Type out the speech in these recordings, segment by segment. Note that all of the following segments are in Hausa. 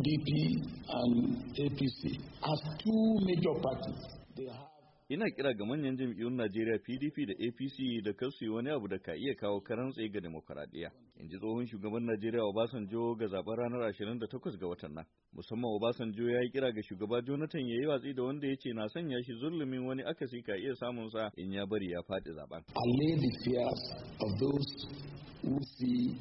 PDP and APC as two major parties. Ina kira ga manyan jam'iyyun Najeriya PDP da APC da kasu wani abu da ka iya kawo karan tsaye ga demokaradiyya. In ji tsohon shugaban Najeriya Obasanjo ga zaben ranar 28 ga watan nan. Musamman Obasanjo ya yi kira ga shugaba Jonathan ya yi watsi da wanda ya ce na sanya shi zulumin wani akasi ka iya samun sa in ya bari ya faɗi zaben. Allay the of those who see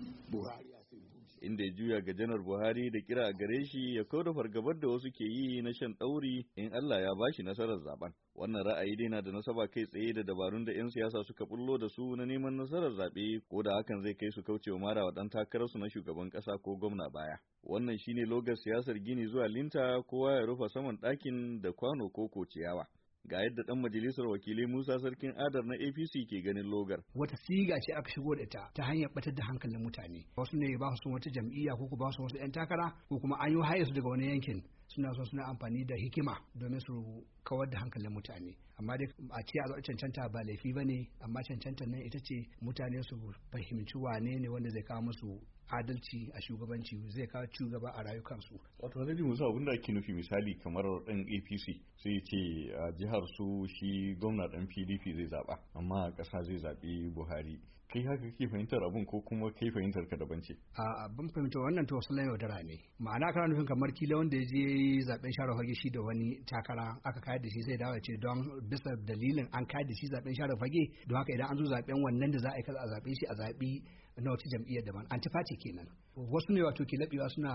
inda ya juya ga janar Buhari da kira a gare shi ya da fargabar da wasu ke yi na shan ɗauri in Allah ya bashi nasarar zaben. Wannan ra'ayi dai na da nasaba kai tsaye da dabarun da 'yan siyasa suka bullo da su na neman nasarar zaɓe ko da hakan zai kai su kaucewa mara wa ɗan takararsu na shugaban ƙasa ko gwamna baya. Wannan shine logar siyasar gini zuwa linta kowa ya rufe saman ɗakin da kwano ko ko ciyawa. ga yadda dan majalisar wakilai Musa Sarkin Adar na APC ke ganin logar. Wata siga ce aka shigo da ita ta hanyar batar da hankalin mutane. Wasu ne ba su wata jam'iyya ko ba su wasu 'yan takara ko kuma an yi haye su daga wani yankin. suna son suna amfani da hikima domin su kawar da hankalin mutane amma dai a ce a cancanta ba laifi ba ne amma cancanta nan ita ce mutane su fahimci wane ne wanda zai kawo musu adalci a shugabanci zai kawo shugaba a rayukansu. Wato Alhaji Musa abinda ake nufi misali kamar ɗan APC sai ce a jihar su shi gwamna ɗan PDP zai zaɓa amma a ƙasa zai zaɓi Buhari. Kai haka kake fahimtar abin ko kuma kai fahimtar ka daban ce? A abin fahimtar wannan to wasu yaudara ne. Ma'ana kana nufin kamar kila wanda ya je yi zaben share fage shi da wani takara aka kayar da shi sai dawo ce don bisa dalilin an kayar da shi zaben share fage don haka idan an zo zaben wannan da za a yi kaza a zaben shi a zabi na wata jam'iyyar daban antifati kenan wasu ne wato ke labewa suna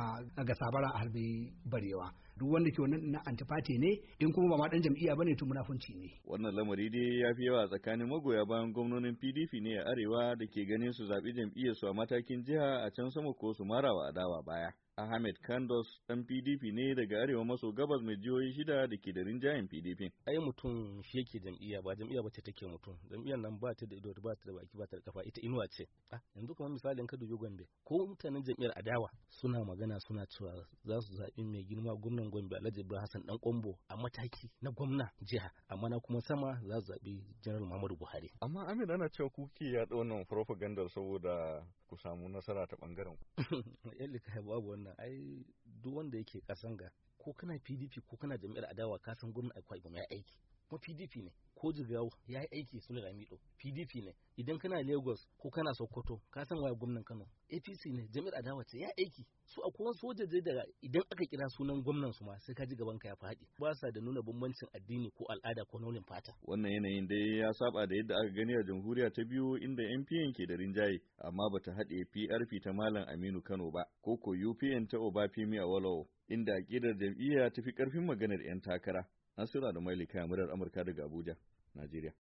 ga sabara a harbi barewa duk wanda ke wannan na antifati ne in kuma ba ma dan jam'iyya bane to munafunci ne wannan lamari dai ya fi yawa tsakanin magoya bayan gwamnonin PDP ne a arewa da ke ganin su zaɓi jam'iyyar su a matakin jiha a can sama ko su marawa adawa baya Ahmed Kandos ɗan PDP ne daga arewa maso gabas mai jihohi shida da ke da rinjayen PDP. Ai mutum shi yake jam'iyya ba jam'iyya ba ce take mutum. Jam'iyyar nan ba ta da ido ba ta da baki ba ta da kafa ita inuwa ce. Ah yanzu yanzu kamar misali in Gombe ko mutanen jami'ar adawa suna magana suna cewa za su zaɓi mai girma gwamnan Gombe Alhaji Ibrahim Hassan Dan Kwambo a mataki na gwamna jiha amma na kuma sama za su zaɓi General Muhammadu Buhari amma Amin ana cewa kuke yaɗa wannan propaganda saboda ku samu nasara ta bangaren yallika babu wannan ai duk wanda yake kasanga, ga ko kana PDP ko kana jami'ar adawa ka san gwamnati akwai ba mai aiki kuma PDP ne ko jigawo ya yi aiki su lamido pdp ne idan kana lagos ko kana sokoto ka san waye gwamnan kano apc ne jami'ar adawa ce ya aiki su a soja sojaje da idan aka kira sunan gwamnan su ma sai ka ji gaban ka ya faɗi ba sa da nuna bambancin addini ko al'ada ko launin fata wannan yanayin dai ya saba da yadda aka gani a jamhuriya ta biyu inda npn ke da rinjaye amma bata haɗe prp ta malam aminu kano ba ko ko upn ta fimi a walawo inda aƙidar jam'iyya ta fi ƙarfin maganar 'yan takara Nasira da Maili kayan murar Amurka daga Abuja. Najeriya.